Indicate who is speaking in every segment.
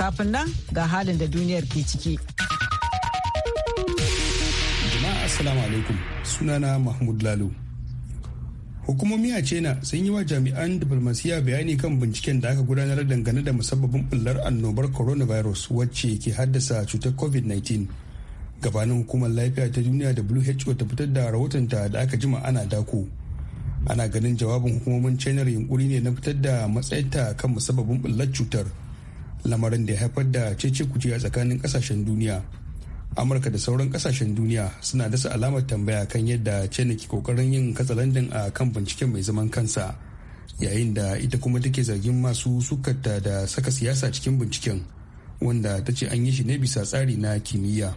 Speaker 1: Kafin nan ga halin da duniyar ke ciki.
Speaker 2: Jama'a Assalamu alaikum sunana Mahmud Lalo. Hukumomi a China sun yi wa jami'an diplomasiya bayani kan binciken da aka gudanar dangane da musabbabin bullar annobar coronavirus wacce ke haddasa cutar COVID-19. Gabanin hukumar lafiya ta duniya da WHO ta fitar da rahotonta da aka jima ana dako. Ana ganin jawabin hukumomin China yunkuri ne na fitar da matsayinta kan musabbabin bullar cutar. lamarin da ya haifar da cece kuce a tsakanin kasashen duniya amurka da sauran kasashen duniya suna dasa alamar tambaya kan yadda china ke kokarin yin katsalandin a kan bincike mai zaman kansa yayin da ita kuma take zargin masu sukarta da saka siyasa cikin binciken wanda ta ce an yi shi ne bisa tsari na kimiyya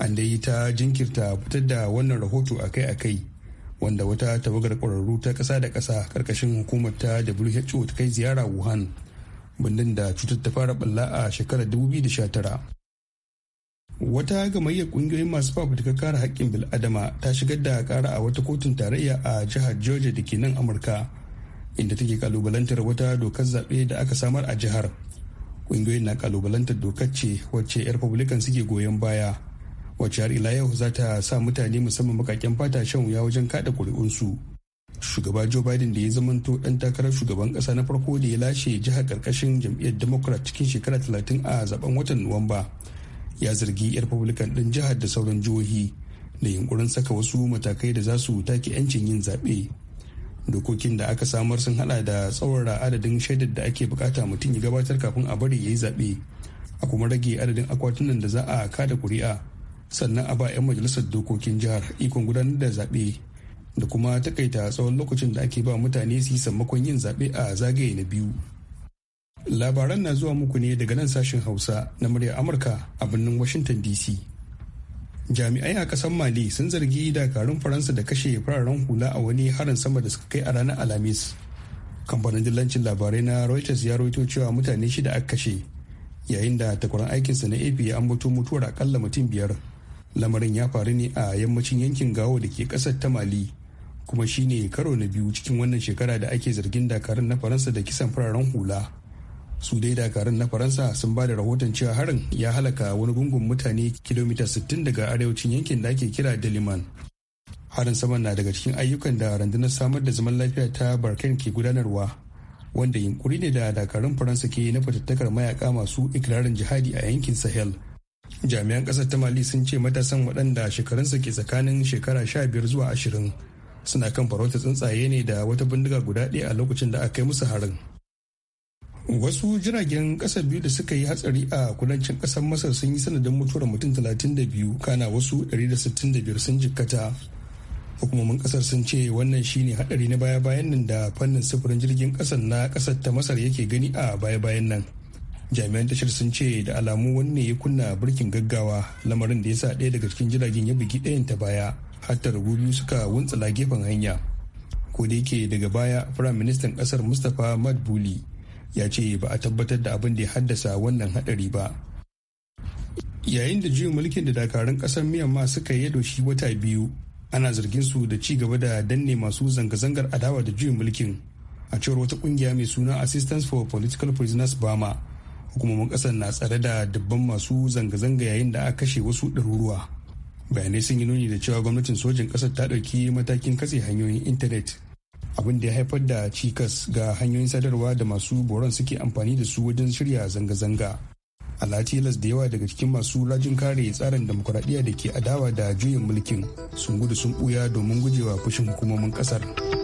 Speaker 2: an dai ta jinkirta fitar da wannan rahoto akai-akai wanda wata tawagar kwararru ta kasa da kasa karkashin hukumar ta who ta kai ziyara wuhan birnin da cutar ta fara balla a shekarar tara. wata gamayyar kungiyoyin masu fafutuka kare haƙƙin bil'adama ta shigar da kara a wata kotun tarayya a jihar georgia da ke nan amurka inda take kalubalantar wata dokar zaɓe da aka samar a jihar kungiyoyin na kalubalantar dokar ce wacce 'yan republican suke goyon baya wacce har ila yau za ta sa mutane musamman bakaken fata shan wuya wajen kada ƙuri'unsu shugaba joe biden da ya zamanto dan takarar shugaban kasa na farko da ya lashe jihar karkashin jam'iyyar democrat cikin shekara talatin a zaben watan nuwamba ya zargi yar republican din jihar da sauran jihohi da yunkurin saka wasu matakai da za su take 'yancin yin zaɓe dokokin da aka samar sun hada da tsawara adadin shaidar da ake bukata mutum ya gabatar kafin a bari ya yi zaɓe a kuma rage adadin akwatunan da za a kada kuri'a sannan a ba 'yan majalisar dokokin jihar ikon gudanar da zaɓe da kuma takaita tsawon lokacin da ake ba mutane su yi sammakon yin zaɓe a zagaye na biyu. Labaran na zuwa muku ne daga nan sashen Hausa na murya Amurka a birnin Washington DC. Jami'ai a ƙasar Mali sun zargi dakarun Faransa da kashe fararen hula a wani harin sama da suka kai a ranar Alhamis. Kamfanin dillancin labarai na Reuters ya rawaito cewa mutane shida aka kashe yayin da takwaran aikinsa na AP ya ambato mutuwar akalla mutum biyar. Lamarin ya faru ne a yammacin yankin Gawo da ke ƙasar ta Mali. kuma shine karo na biyu cikin wannan shekara da ake zargin dakarun na faransa da kisan fararen hula su dai dakarun na faransa sun ba da rahoton cewa harin ya halaka wani gungun mutane kilomita 60 daga arewacin yankin da ake kira deliman harin saman na daga cikin ayyukan da rundunar samar da zaman lafiya ta barkan ke gudanarwa wanda yunkuri ne da dakarun faransa ke na fatattakar mayaka masu ikirarin jihadi a yankin sahel jami'an kasar ta mali sun ce matasan waɗanda shekarunsa ke tsakanin shekara 15 zuwa ashirin. suna kan farauta tsuntsaye ne da wata bindiga guda ɗaya a lokacin da aka yi musu harin wasu jiragen ƙasa biyu da suka yi hatsari a kudancin ƙasar masar sun yi sanadin mutuwar mutum 32 kana wasu 165 sun jikkata hukumomin ƙasar sun ce wannan shine hadari na baya-bayan nan da fannin sufurin jirgin ƙasar na ƙasar ta masar yake gani a baya-bayan nan jami'an tashar sun ce da alamu wani ne ya kunna birkin gaggawa lamarin da ya sa ɗaya daga cikin jiragen ya bugi ɗayan ta baya har targu biyu suka wuntsala gefen hanya ko da yake daga baya firayim ministan kasar mustapha madbuli ya ce ba a tabbatar da abin da ya haddasa wannan hadari ba yayin da juyin mulkin da dakarun kasar myanmar suka yi shi wata biyu ana zargin su da ci gaba da danne masu zanga-zangar adawa da juyin mulkin a cewar wata kungiya mai suna assistance for political prisoners bama hukumomin kasar na tsare da dubban masu zanga-zanga yayin da aka kashe wasu ɗaruruwa bayanai sun yi nuni da cewa gwamnatin sojin kasar ta ɗauki matakin katse hanyoyin intanet abin da ya haifar da cikas ga hanyoyin sadarwa da masu boron suke amfani da su wajen shirya zanga-zanga alatilas da yawa daga cikin masu rajin kare tsarin demokuraɗiyya da ke adawa da juyin mulkin sun gudu sun ɓuya domin gujewa fushin hukumomin ƙasar.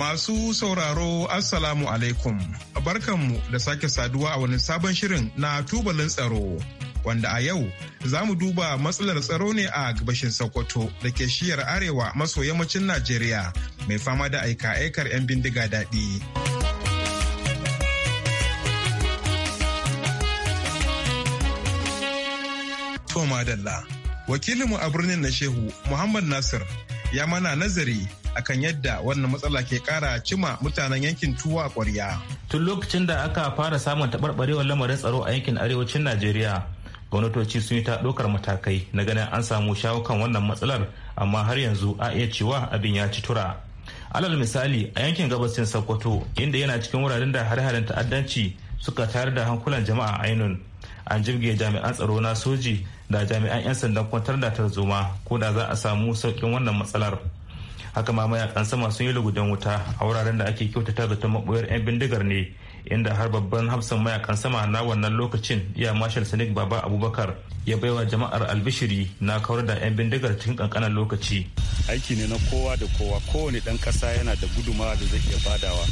Speaker 3: Masu sauraro Assalamu alaikum. Barkanmu da sake saduwa a wani sabon shirin na tubalin tsaro. Wanda a yau za mu duba matsalar tsaro ne a gabashin Sokoto da ke shiyar arewa maso yammacin Najeriya mai fama da aika-aikar 'yan bindiga daɗi. Toma Dalla. Wakilinmu a birnin na Shehu Muhammad Nasir ya mana nazari akan yadda wannan matsala ke kara
Speaker 4: cima mutanen yankin tuwa kwarya. Tun lokacin da aka fara samun taɓarɓarewar lamarin tsaro a yankin arewacin Najeriya, gwamnatoci sun yi ta ɗaukar matakai na ganin an samu shawo kan wannan matsalar amma har yanzu a iya cewa abin ya ci tura. Alal misali a yankin gabashin Sokoto inda yana cikin wuraren da hare-haren ta'addanci suka tayar da hankulan jama'a ainun an jirge jami'an tsaro na soji da jami'an 'yan sandan kwantar da tarzoma ko da za a samu saukin wannan matsalar. haka ma mayakan sama sun yi lugudan wuta a wuraren da ake kyautata ta maɓoyar 'yan bindigar ne inda har babban hafsan mayakan sama na wannan lokacin ya marshal sanik baba abubakar ya baiwa jama'ar albishiri na kawar da 'yan bindigar cikin kankanan lokaci aiki ne na kowa da kowa kowane dan kasa yana da gudumawa da zai iya badawa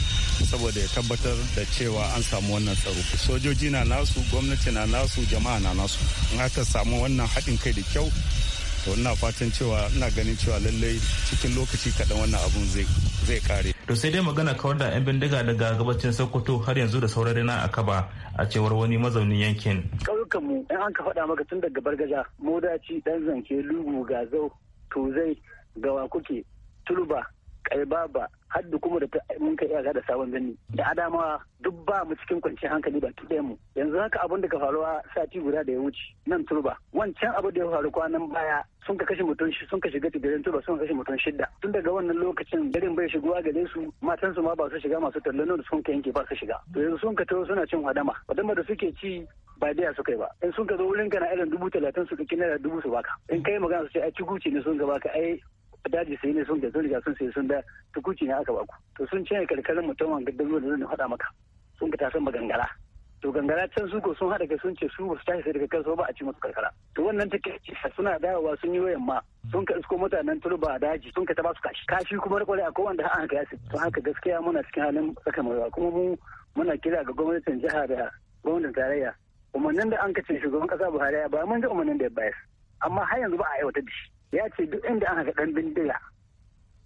Speaker 4: saboda ya tabbatar da cewa an samu wannan tsaro sojoji na nasu gwamnati na nasu jama'a na nasu in aka samu wannan haɗin kai da kyau wannan fatan cewa ina ganin cewa lallai cikin lokaci kaɗan wannan abun zai kare to sai dai magana kawar da 'yan bindiga daga gabacin sokoto har yanzu da saurari na kaba a cewar wani mazaunin yankin
Speaker 5: ƙauyukan mu in an ka faɗa maka tun daga bargaja modaci dan zanke lugu gazau tozai gawa kuke tuluba. kaibaba har da kuma da mun kai iyaka da sabon zanni da adama duk ba mu cikin kwanciyar hankali ba tudai mu yanzu haka abin da ka faru a sati guda da ya wuce nan turba wancan abin da ya faru kwanan baya sun ka kashe mutum shi sun ka shiga tigirin turba sun kashe mutum shidda tun daga wannan lokacin garin bai shigowa gare su matan su ma ba su shiga masu tallano da sun ka yanke ba su shiga to yanzu sun ka taho suna cin hadama hadama da suke ci ba daya su kai ba in sun ka zo wurin kana irin dubu talatin su ɗauki naira dubu su baka in kai magana su ce a guci ne sun ka baka ai daji sai ne sun da sun riga sun sai sun da tukuci ne aka baku to sun cinye karkarin mutumin da ruwa da zan faɗa maka sun fita tasan magangara to gangara can su ko sun haɗa ga sun ce su su tashi sai daga kansu ba a ci musu karkara to wannan take suna dawowa sun yi wayan ma sun ka isko mutanen turba daji sun ka ta su kashi kashi kuma da a akwai wanda an kai to haka gaskiya muna cikin halin tsaka mai kuma mu muna kira ga gwamnatin jiha da gwamnatin tarayya umarnin da an kace shugaban kasa Buhari ya ba mun ga umarnin da ya bayar amma har yanzu ba a aiwatar da shi ya ce duk inda aka ga dan bindiga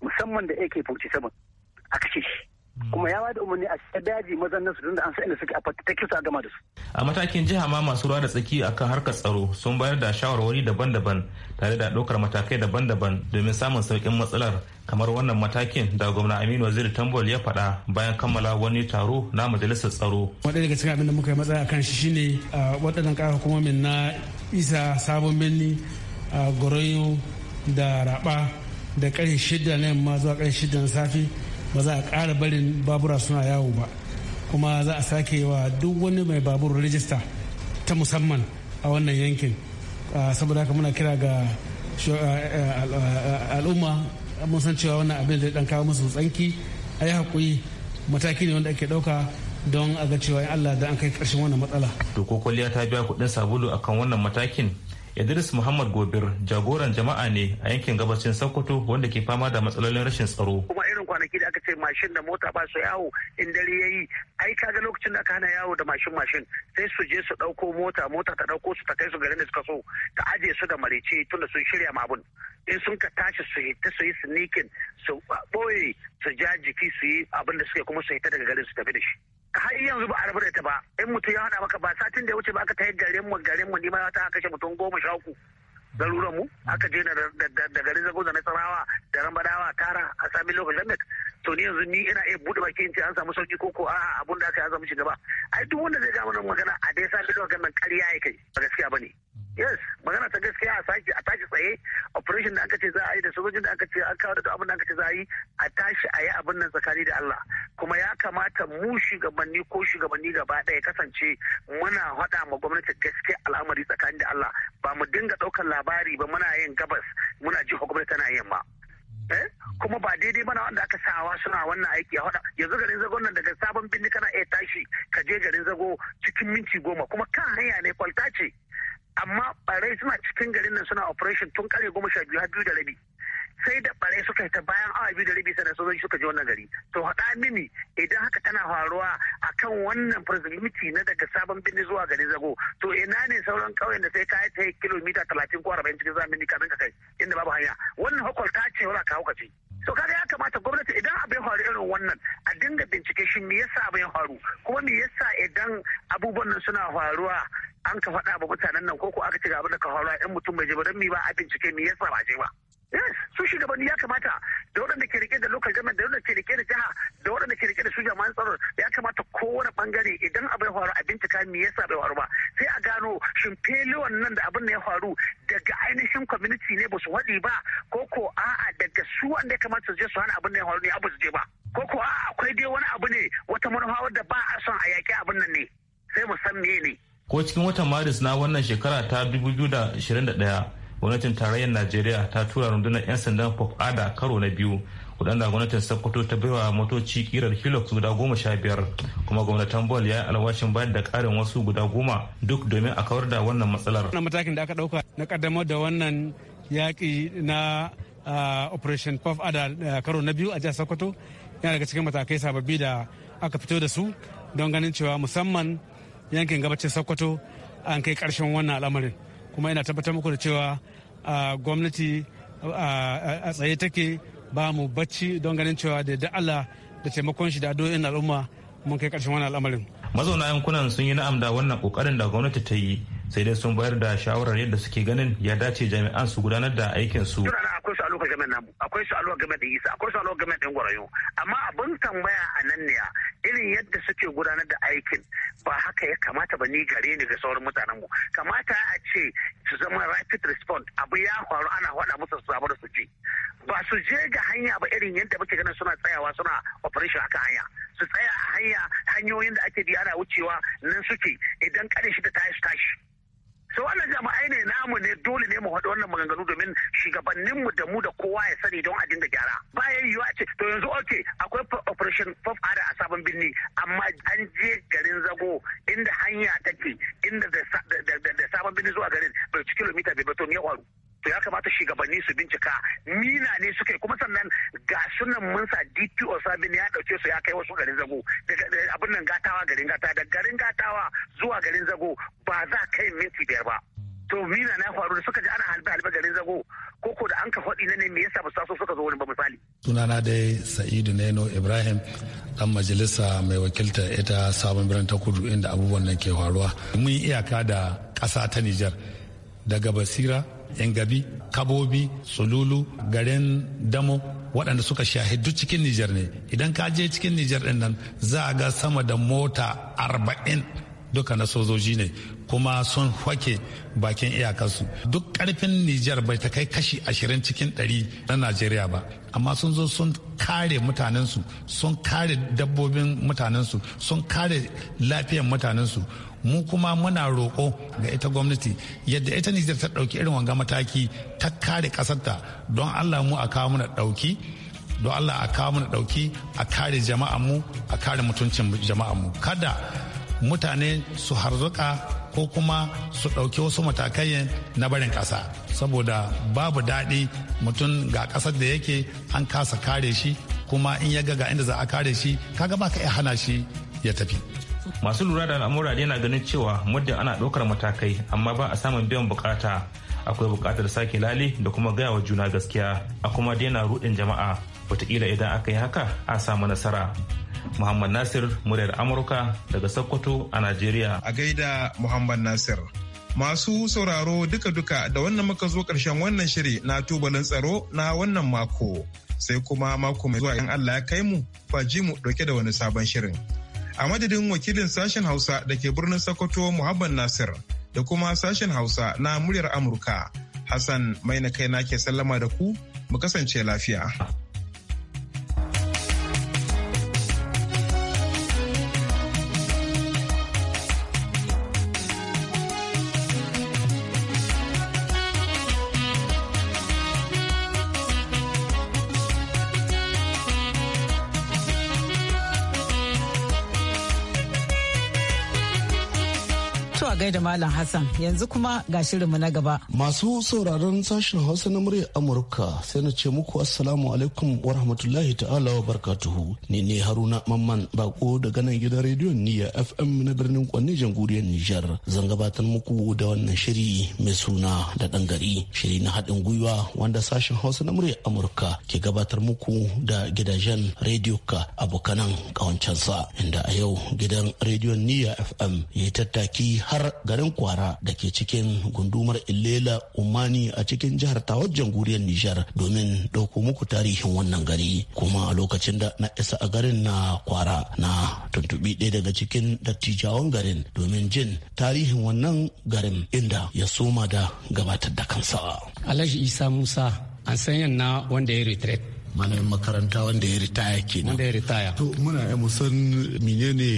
Speaker 5: musamman da ak sama a kashe shi kuma ya bada umarni a cikin daji mazan nasu su tunda an san inda suke a fatatake su a gama da su.
Speaker 4: A matakin jiha ma masu ruwa da tsaki akan harkar tsaro sun bayar da shawarwari daban-daban tare da ɗaukar matakai daban-daban domin samun sauƙin matsalar kamar wannan matakin da gwamna Aminu Waziri Tambol ya faɗa bayan kammala wani taro na majalisar tsaro.
Speaker 6: Wadda daga cikin abin da muka yi matsaya kan shi shine uh, waɗannan ƙara hukumomin na isa sabon birni a goroyo da raba da ƙarfe shida na yamma zuwa ƙarfe shida na safe ba za a ƙara barin babura suna yawo ba kuma za a sake wa duk wani mai babur rijista ta musamman a wannan yankin saboda haka muna kira ga al'umma mun san cewa wannan abin da dan kawo musu tsanki a yi haƙuri mataki ne wanda ake ɗauka don a ga cewa Allah da an kai ƙarshen wannan matsala.
Speaker 4: To ko kwalliya ta biya kuɗin sabulu akan wannan matakin idris muhammad gobir jagoran jama'a ne a yankin gabacin sokoto wanda ke fama da matsalolin rashin tsaro
Speaker 7: kuma irin kwanaki da aka ce mashin da mota
Speaker 8: ba su yawo in dare ya yi ai kaga lokacin da aka hana yawo da mashin mashin sai su je su ɗauko mota mota ta dauko su ta kai su garin da suka so ta aje su da marice tunda sun shirya ma abun in sun ka tashi su yi ta su yi sneaking su boye su ja jiki su yi abin da suke kuma su yi ta daga garin su tafi da shi har yanzu ba a rabu da ita ba in mutum ya hada maka ba satin da ya wuce ba aka tayar garin mu garin mu nima ta kashe mutum goma sha uku garuran mu aka je da garin zago da nasarawa da rambadawa tara a sami lokacin to ni yanzu ni ina iya bude baki ce an samu sauki ko ko a'a abun da aka yi an samu shugaba ai duk wanda zai gama nan magana a dai sami da wannan ƙarya ya kai ba gaskiya bane yes magana ta gaskiya a sake a tashi tsaye operation da aka ce za a yi da sojojin da aka ce an kawo da abin da aka ce za a yi a tashi a yi abin nan tsakani da Allah kuma ya kamata mu shugabanni ko shugabanni gaba ɗaya kasance muna haɗa ma gwamnati gaskiya al'amari tsakani da Allah ba mu dinga ɗaukar labari ba muna yin gabas muna ji gwamnati tana yin yamma. Eh? kuma ba daidai mana wanda aka sawa suna wannan aiki a yanzu garin zago nan daga sabon birni kana iya tashi ka je garin zago cikin minti goma kuma kan hanya ne kwalta ce amma barai suna cikin garin nan suna operation tun kare goma sha biyu har biyu da rabi sai da bare suka ta bayan awa biyu da rabi sanar sojoji suka je wannan gari to haɗa mini idan haka tana faruwa a kan wannan proximity na daga sabon birni zuwa garin zago to ina ne sauran ƙauyen da sai ka ta kilomita talatin ko arba'in cikin zamani kamin ka kai inda babu hanya wannan ta ce wala ka hukaci so kaga ya kamata gwamnati idan abin faru irin wannan a dinga bincike shi me yasa abin faru kuma me yasa idan abubuwan nan suna faruwa an ka faɗa ba mutanen nan ko ko aka ci gaba da ka faruwa in mutum bai je ba don mi ba a bincike me yasa ba je ba Eh, su shugabanni ya kamata da waɗanda ke rike da local government da waɗanda ke rike da jiha da waɗanda ke rike da su jama'an tsaron ya kamata kowane bangare idan abu ya faru a bincika me yasa bai faru ba sai a gano shin fele wannan da abin da ya faru daga ainihin community ne ba su haɗi ba ko ko a'a daga su wanda ya kamata su je su hana abin da ya faru ne abu su je ba ko ko a'a akwai dai wani abu ne wata manufa wadda ba a son a yaƙi abin nan ne sai mu san me ne.
Speaker 4: ko cikin watan maris na wannan shekara ta 2021 gwamnatin tarayyar najeriya ta tura rundunar 'yan sandan ada karo na biyu waɗanda gwamnatin sokoto ta baiwa motoci kirar hilux guda goma sha biyar kuma gwamnatin bol ya yi alwashin bayar da ƙarin wasu guda goma duk domin a kawar da wannan matsalar wannan
Speaker 6: matakin da aka ɗauka na ƙaddamar da wannan yaƙi na operation puff ada karo na biyu a jihar sokoto yana daga cikin matakai sababbi da aka fito da su don ganin cewa musamman yankin gabacin sokoto an kai karshen wannan al'amarin kuma yana tabbatar muku da cewa gwamnati a tsaye take ba mu bacci don ganin cewa da da Allah da taimakon shi da addu'o'in al'umma mun kai karshen wannan al'amarin.
Speaker 4: Mazauna yankunan sun yi na'am da wannan kokarin da gwamnati ta yi sai dai sun bayar da shawarar yadda suke ganin ya dace jami'an su gudanar da aikin su.
Speaker 8: game namu akwai su alwa game da isa akwai su alwa game da gwarayo amma abin tambaya a nan ne irin yadda suke gudanar da aikin ba haka ya kamata ba ni gare ni ga sauran mutanen mu kamata a ce su zama rapid response abu ya faru ana faɗa musu su samu da su ci ba su je ga hanya ba irin yadda muke ganin suna tsayawa suna operation haka hanya su tsaya a hanya hanyoyin da ake bi ana wucewa nan suke idan ƙarin shi ta tashi tashi so wannan jama'ai ne namu ne dole ne mu haɗa wannan maganganu domin shugabanninmu da mu da kowa ya sani don a dinga gyara bayan yiwuwa ce to yanzu ok akwai operation pop ada a sabon birni amma an je garin zago inda hanya take inda da sabon birni zuwa garin bai ci kilomita bai ba ne to ya kamata shugabanni su bincika mina ne suke kuma sannan ga wannan mun sa DPO Sabin ya dauke su ya kai wasu garin zago abin nan gatawa garin gata da garin gatawa zuwa garin zago ba za kai minti biyar ba to mina na faru da suka ji ana halbe halbe garin zago ko ko da an ka faɗi na ne me yasa ba su suka zo wani ba misali
Speaker 9: sunana dai sa'idu neno ibrahim dan majalisa mai wakiltar ita sabon birnin ta kudu inda abubuwan nan ke faruwa mun yi iyaka da ƙasa ta nijar daga basira ingabi kabobi sululu garin damo waɗanda suka shahidu cikin Nijar ne idan ka je cikin Nijar ɗin nan za a ga sama da mota arba'in duka na sojoji ne kuma sun hwake bakin iyakansu duk karfin Nijar bai ta kai kashi ashirin cikin ɗari na Najeriya ba amma sun zo sun kare mutanensu sun kare dabbobin mutanensu sun kare lafiyar mutanensu mu kuma muna roƙo ga ita gwamnati yadda ita Nijar ta ɗauki irin wanga mataki ta kare ƙasarta don Allah mu a kawo muna ɗauki don Allah a kawo muna ɗauki a kare jama'a a kare mutuncin jama'a mu kada mutane su harzuka ko kuma su ɗauki wasu matakai na barin ƙasa saboda babu daɗi mutum ga ƙasar da yake an kasa kare shi kuma in ya ga inda za a kare shi kaga ba ka iya
Speaker 4: hana shi ya tafi masu lura da al'amura yana ganin cewa muddin ana ɗaukar matakai amma ba a samun biyan bukata akwai bukatar sake lale da kuma gaya wa juna gaskiya a kuma daina rudin jama'a wataƙila idan aka yi haka a samu nasara muhammad nasir muryar amurka daga sokoto a najeriya a gaida muhammad
Speaker 3: nasir masu sauraro duka-duka da wannan muka zo karshen wannan shiri na tubalin tsaro na wannan mako sai kuma mako mai zuwa in allah ya kai mu ba mu ɗauke da wani sabon shirin a madadin wakilin sashen hausa da ke birnin sokoto muhammad nasir da kuma sashen hausa na muryar amurka hassan mai na kai na ke sallama da ku mu kasance lafiya.
Speaker 1: da Malam Hassan yanzu kuma ga shirinmu na gaba. Masu sauraron sashen Hausa na muryar
Speaker 10: Amurka sai na ce muku Assalamu alaikum wa rahmatullahi ta'ala wa barkatuhu. Ni ne Haruna Mamman bako daga nan gidan rediyon Niyya FM na birnin Kwanne Janguriyar Nijar. Zan gabatar muku da wannan shiri mai suna da ɗan gari. Shiri na haɗin gwiwa wanda sashen Hausa na muryar Amurka ke gabatar muku da gidajen rediyo ka abokanan kawancansa. inda a yau gidan rediyon Niyya FM ya tattaki har garin kwara da ke cikin gundumar illela umani a cikin jihar tawar jamhuriyar nijar domin ɗauko muku tarihin wannan gari kuma a lokacin da na isa a garin na kwara na tuntubi ɗaya daga cikin dattijawan garin domin jin tarihin wannan garin inda ya soma da gabatar da kansa
Speaker 11: alhaji isa musa an san na wanda ya retret malamin makaranta wanda ya ritaya kenan wanda ya ritaya to muna
Speaker 10: yi musan menene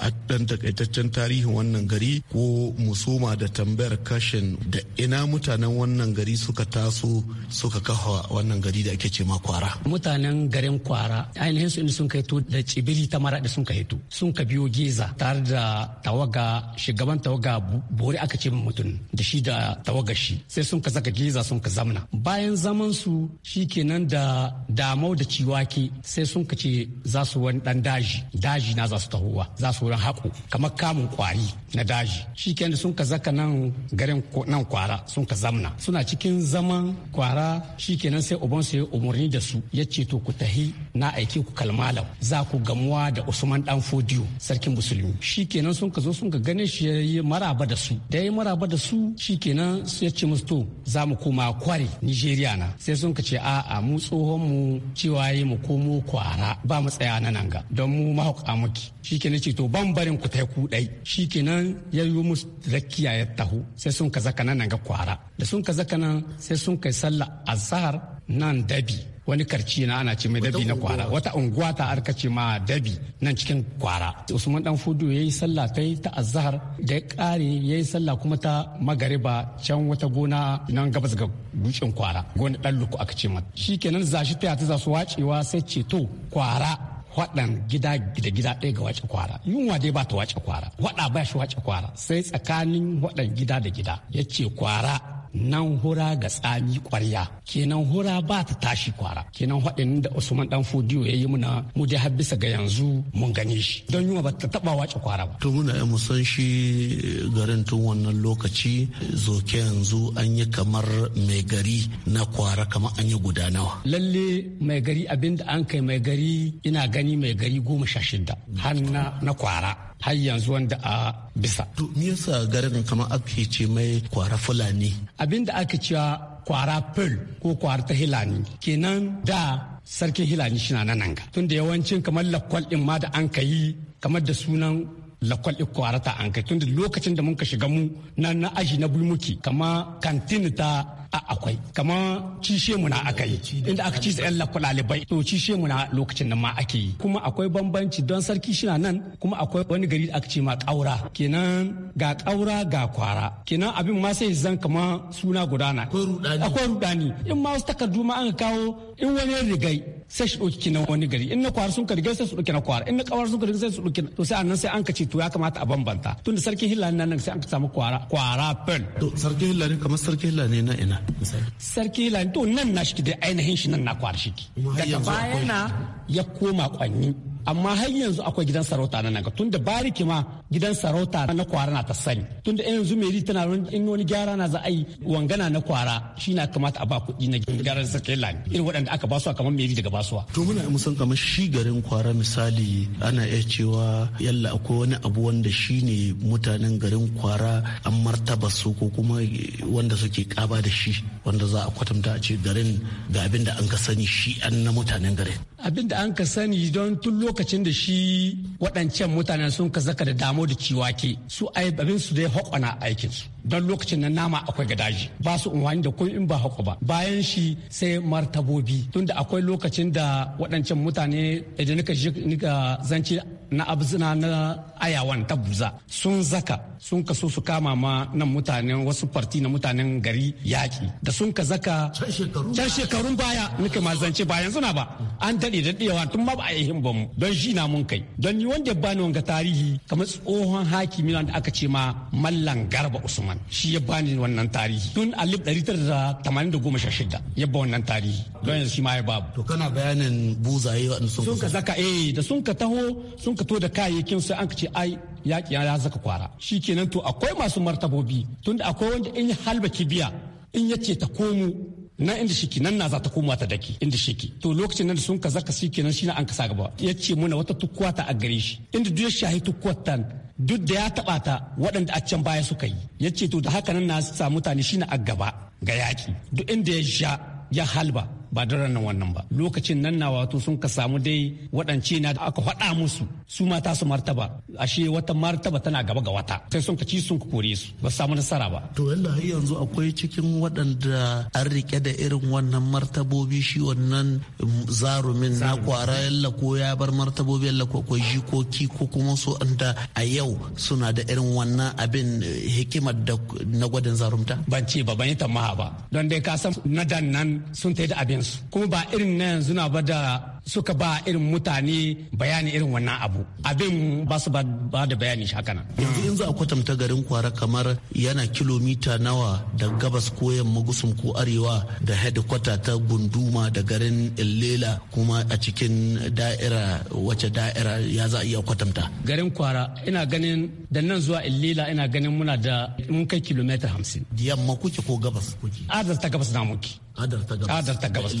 Speaker 10: a ɗan takaitaccen tarihin wannan gari ko musoma da tambayar kashin da ina mutanen wannan gari suka taso suka kafa wannan gari da ake ce ma kwara
Speaker 11: mutanen garin kwara ainihin su sun kai to da cibili ta mara da sun kai to sun ka biyo geza tare da tawaga shugaban tawaga bori aka ce mutum da shi da tawaga shi sai sun ka saka geza sun ka zamna bayan zaman su shikenan da damau da ciwaki sai sun kace za su wani dan daji daji na za su tahowa za su wurin haƙo kamar kamun kwari na daji shi kenan sun ka zaka nan garin nan kwara sun ka zamna suna cikin zaman kwara shi kenan sai ubansu ya umarni da su ya ce to ku tahi na aiki ku kalmalam za ku gamuwa da usman dan fodiyo sarkin musulmi shi kenan sun ka zo sun ka ganin shi yayi maraba da su da yayi maraba da su shi kenan ya ce musu to za mu koma kwari nigeria na sai sun ka ce a mu tsohon mu cewa yi mu komo kwara ba mu tsaya na nan ga don mu mahauka shi kenan ce to ban barin ku tai ku dai shi kenan nan ya yi musu rakiya ya taho sai sun ka zaka nan ga kwara da sun ka zaka nan sai sun kai sallah azhar nan dabi wani karci na ana ce mai dabi na kwara wata unguwa ta arka ce ma dabi nan cikin kwara usman dan fudu yayi sallah ta ta azhar da kare yayi sallah kuma ta magariba can wata gona nan gabas ga gucin kwara gona dan luku aka ce mata shikenan zashi ta ta zasu wacewa sai ceto to kwara faɗan gida da gida ɗaya ga wace kwara yunwa dai ba ta wace kwara waɗa ba shi wace kwara sai tsakanin waɗan gida da gida ya ce kwara nan hura ga tsami kwarya kenan hura ba ta tashi kwara kenan haɗin da usman dan fodiyo ya yi muna mu dai har bisa ga yanzu
Speaker 10: mun gane shi don yiwa ba ta taba wace kwara ba to muna ya musan shi eh, garin tun wannan lokaci zoke yanzu an yi kamar mai gari na kwara
Speaker 11: kamar an yi guda nawa lalle mai gari abinda an kai mai gari ina gani mai gari goma sha shida har na kwara har yanzu wanda a bisa. To me yasa garin kamar ake ce mai kwara fulani? Abin da aka cewa kwara pearl ko kwara ta hilani kenan da sarkin hilani shi na nan ga. Tunda yawancin kamar lakwal ɗin ma da an ka yi kamar da sunan lakwal kwara ta an kai tunda lokacin da mun ka shiga mu na na aji na bulmuki kama kantin ta a akwai kamar cishe mu na aka yi inda aka ci yan lakulalibai to cishe mu na lokacin nan ma ake yi kuma akwai bambanci don sarki shina nan kuma akwai wani gari da aka ce ma ƙaura kenan ga ƙaura ga kwara kenan abin ma sai zan kama suna gudana akwai rudani in ma wasu takardu ma an kawo in wani rigai sai shi ɗauki na wani gari in na kwara sun ka rigai sai su ɗauki na kwara in na kawar sun ka rigai sai su ɗauki to sai annan sai an ka ce to ya kamata a bambanta tunda sarki hillani nan sai an ka samu kwara kwara pen to sarki hillani kamar sarki hillani na ina sarki lanto nan na shi da ainihin shi nan na kwar shi daga baya na ya koma kwanni amma har yanzu akwai gidan sarauta na naga tunda bariki ma gidan sarauta na kwara na ta sani tunda yanzu meri tana in wani gyara na za a yi wangana na kwara shi na kamata a ba kuɗi na gyaran sarki lan irin waɗanda aka basuwa kamar meri daga basuwa.
Speaker 10: to muna musan kamar shi garin kwara misali ana iya cewa yalla akwai wani abu wanda shi ne mutanen garin kwara an martaba su ko kuma wanda suke kaba da shi wanda za a kwatanta a ce garin ga abin da an ka sani shi an na mutanen garin
Speaker 11: abin da an ka sani don tun lokacin da shi waɗancan mutanen sun ka zaka da damo da ciwake su ai abin su dai haƙona aikin su don lokacin na nama akwai gadaji ba su unwani da kun in ba haƙo ba bayan shi sai martabobi tunda akwai lokacin da waɗancan mutane idan nika nika zance na abzina na ayawan tabuza sun zaka sun ka su kama ma nan mutanen wasu farti na mutanen gari yaƙi da sun ka zaka can shekarun baya nika ma zance ba yanzu na ba daɗe daɗewa tun ma ba a yi ba mu don shi na mun kai don ni wanda bani wanga tarihi kamar tsohon hakimi da aka ce ma mallan garba usman shi ya bani wannan tarihi tun a lib ɗari tara da goma sha shida ya ba wannan tarihi don yanzu shi ma ya babu. to kana bayanin buzaye waɗanda sun ka zaka eh da sun ka taho sun ka to da kayayyakin sai an ka ce ai yaƙi ya zaka kwara shi kenan to akwai masu martabobi tunda akwai wanda in halba kibiya in ya ce ta komo nan inda shiki nan na za ta koma ta daki inda shiki to lokacin nan sun ka zaka shi kenan shi na an kasa gaba ya ce muna wata tukkuwa ta a gare shi inda duk ya shahi tukkuwar tan duk da ya taba ta waɗanda a can baya suka yi ya ce to da haka nan na sa mutane shi na a gaba ga yaki. duk inda ya sha ya halba ba da ranar wannan ba lokacin nan na wato sun ka samu dai waɗance na da aka faɗa musu su ma su martaba ashe wata martaba tana gaba ga wata sai sun ka ci sun ka kore su ba samu nasara ba
Speaker 10: to yalla har yanzu akwai cikin waɗanda an rike da irin wannan martabobi shi wannan um, zarumin na kwara yalla ko ya bar martabobi yalla ko ko jikoki ko kuma su anda a yau suna da irin wannan abin eh, hikimar da na gwadin zarumta ban ce ba ban yi tamaha ba
Speaker 11: don dai ka san na dan nan sun ta yi da abin kuma ba irin na yanzu na ba da suka ba irin mutane bayani irin wannan abu abin ba su ba da bayani hakanan. yanzu in za a kwatanta garin kwara kamar
Speaker 10: yana kilomita nawa da gabas ko yamma gusum ko arewa da headquata ta gunduma da garin illela kuma a cikin da'ira wace da'ira ya za a iya kwatanta
Speaker 11: garin kwara ina ganin da nan zuwa illela ina ganin muna da mun kai kilomita hamsin yamma kuke ko gabas kuke adar ta gabas na muke adar ta gabas adar ta gabas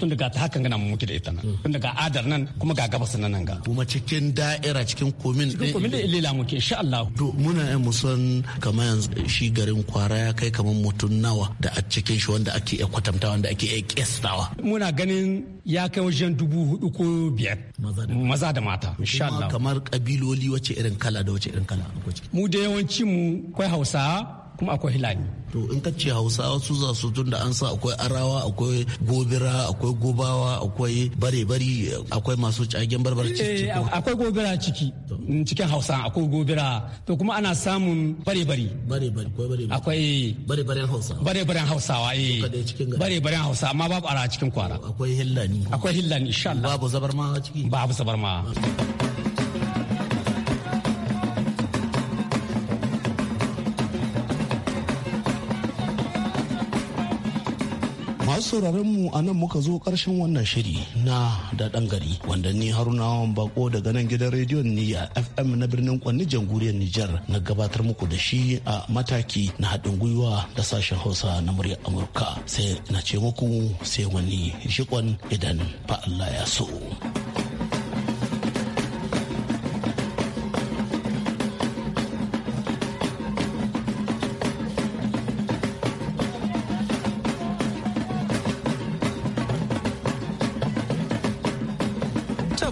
Speaker 11: tun da hakan gana muke da ita ta nan tun daga adar nan kuma ga gabas nan nan ga
Speaker 10: kuma cikin da'ira cikin komin
Speaker 11: cikin komin din lila muke insha Allah to muna yan musan
Speaker 10: kamar yanzu shi garin kwara ya kai kamar mutun nawa da a cikin shi wanda ake iya kwatantawa wanda ake iya kestawa
Speaker 11: muna ganin ya kai wajen dubu hudu ko biyar maza da mata
Speaker 10: insha Allah kamar kabiloli wace irin kala da wace irin kala
Speaker 11: mu da yawanci mu kai
Speaker 10: Hausa kuma akwai hilani to in ka ce hausawa su za su tun da an sa akwai arawa akwai gobira akwai gobawa akwai bare-bari akwai masu cagen barbar ciki eh,
Speaker 11: akwai gobira ciki mm, cikin hausa akwai gobira to kuma ana samun bare-bari
Speaker 10: akwai bare-baren hausawa bare-baren
Speaker 11: hausawa eh bare-baren hausa amma babu ara cikin kwara akwai hillani akwai hillani insha Allah babu zabarma ciki babu
Speaker 10: sauraron mu a nan muka zo karshen wannan shiri na da ɗan gari wanda ni haruna bako daga nan gidan rediyon ni a fm na birnin kwanni jamhuriyar nijar na gabatar muku da shi a mataki na haɗin gwiwa da sashen hausa na muryar amurka sai na ce muku sai wani shikon idan fa Allah ya so.